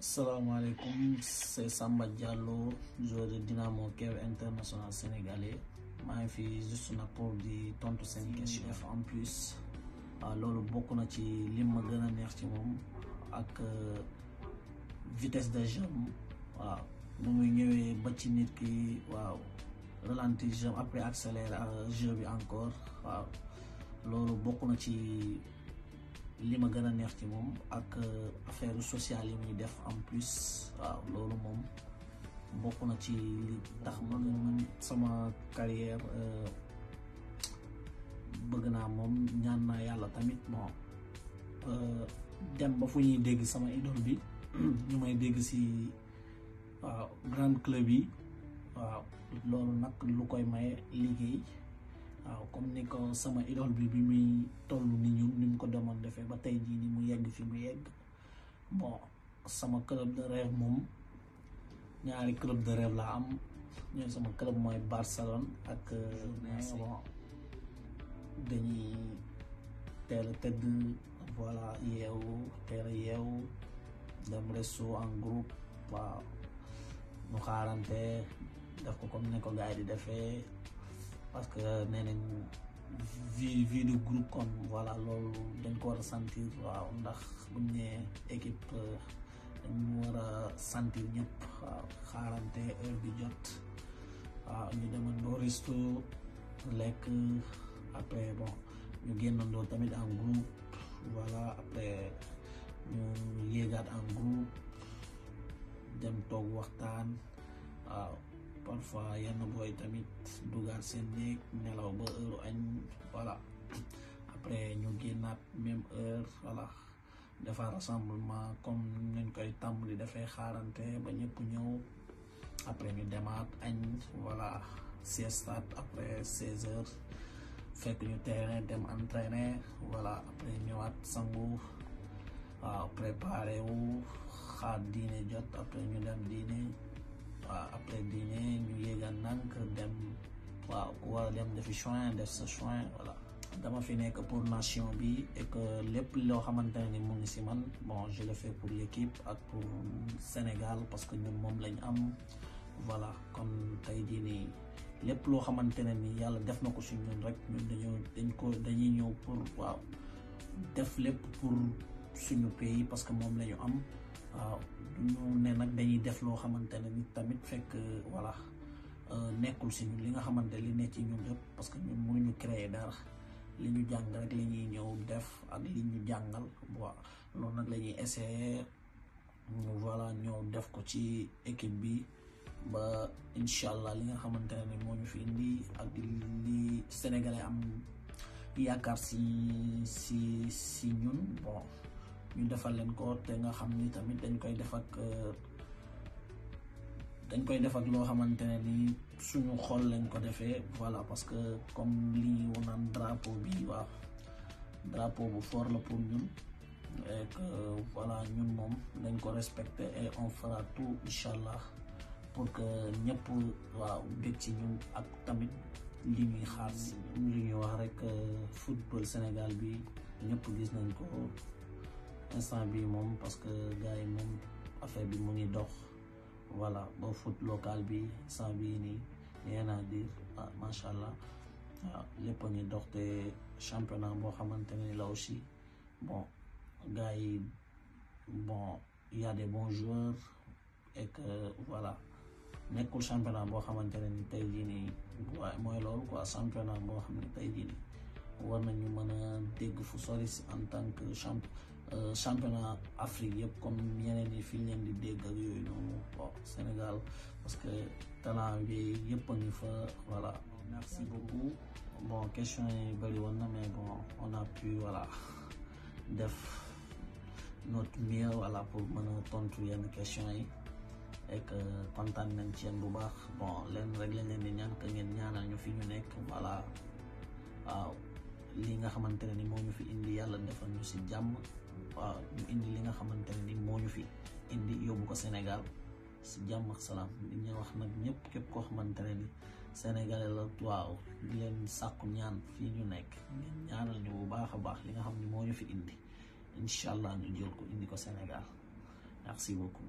salaamaaleykum c'est Samba Diallo joueur de Dynamo Kiev international sénégalais maa ngi fi juste nag pour di tontu seen question en plus ah, loolu bokk na ci li ma gën a neex ci moom ak euh, vitesse de jeu waaw nu muy ñëwee ba ci nit ki waaw ralenti jeu après accéléré euh, jeu bi encore waaw loolu bokk na ci. li ma gëna neex ci mom ak affaire sociale yi def en plus waaw mom mom bokku na ci tax man sama carrière eh, bëgg na mom ñaan na yalla tamit bon dem ba fu ñuy dégg sama idole bi ñu may dégg si waaw ah, grand club yi waaw ah, lolu nak lu koy maye liggéey waaw comme ni ko sama idole bi bi muy toll ni ñun ni mu ko demoon defee ba tey jii ni mu yegg fi mu yegg bon sama club de rêve mom. ñaari club de rêve la am ñooy sama club mooy Barcelone ak euh, bon dañuy teel a tëdd voilà yeewu teel a yeewu dem resto en groupe waaw ñu xaarante def ko comme ko di defee parce que euh, nee nañ vie vie de voilà loolu dañ ko war a sentir waaw ndax buñ ne équipe euh, dañ war a sentir xaarante heure jot waaw ñu demandoo resto lekk après bon ñu génnandoo tamit en groupe voilà après ñu yéegaat en groupe dem toog waxtaan waaw parfois yenn booy tamit dugaat seen néeg nelaw ba heure añ voilà après ñu génnaat même heure voilà defa rassemblement comme nañ koy tàmbali dafay xaarante ba ñëpp ñëw après ñu demaat añ voilà siestat après 16 heures fekk ñu terrain dem entraîner voilà après ñëwaat sangu waaw préparé wu xaar diine jot après ñu dem diine waaw après dîner ñu yéegal nank dem waaw ku war a dem defi soin def sa soin voilà dama fi nekk pour nation bi et lépp loo xamante ne mu ngi si man bon je le fais pour l'équipe ak pour Sénégal parce que ñu moom lañ am voilà kon tey jii nii lépp loo xamante ne ni yàlla def na ko si ñun rek ñun dañoo dañ ko dañuy ñëw pour waaw def lépp pour suñu pays parce que moom la ñu am waaw ñu ne nag dañuy def loo xamante ne nit tamit fekk voilà euh, nekkul si ñun li nga xamante li ne ci ñun yëpp parce que ñun mënuñu créer dara li ñu jàng rek la ñuy ñëw def ak li ñu jàngal waaw loolu nag la ñuy essayer voilà ñëw def ko ci équipe bi ba incha allah li nga xamante ne moo ñu fi indi ak li sénégalais am yaakaar si si si ñun bon. ñu defal leen ko te nga xam ni tamit dañ koy def euh, dañ koy defak ak loo xamante ne ni suñu xool lañ ko defee voilà parce que comme lii wu naan drapeau bi waaw drapeau bu foor la pour ñun et voilà ñun moom dañ ko respecté et on fera tout incha allah pour que ñëpp waaw bég ci ñun ak tamit li ñuy xaar si li ñuy wax rek euh, football Sénégal bi ñëpp gis nañ ko. instant bi moom parce que gars yi moom affaire bi mu ngi dox voilà ba foot local bi instant bi nii rien à dire ah, macha allah waaw ah, lépp ngi dox te championnat boo xamante ne la aussi bon gars yi bon y a des bons joueurs voilà nekkul championnat boo xamante ne ni tey jii nii waaye mooy loolu quoi championnat boo xam ne tey jii nii war nañu mën a dégg fu sori en tant que champion. Euh, championnat Afrique yëpp comme yeneen yi fi leen di dégg ak yooyu noonu Sénégal parce que talent bi yëpp a ngi fa voilà merci beaucoup bon question yi bëri na mais bon on a pu voilà def notre mieux voilà pour mën a tontu yenn question yi et que kontaan nañ ci yéen bu baax bon leen rek lañ leen di ñaan que ngeen ñaanal ñu fi ñu nekk voilà waaw li nga xamante ne ni moo ñu fi indi yàlla defal ñu si jàmm ñu indi li nga xamante ni moo ñu fi indi yóbbu ko Sénégal si jàmm ak salaam ñu wax nag ñëpp képp koo xamante ne ni Sénégalais la waaw di leen sàkku ñaan fii ñu nekk ñaanal ñu bu baax a baax li nga xam ne moo ñu fi indi incha allah ñu jël ko indi ko Sénégal merci beaucoup.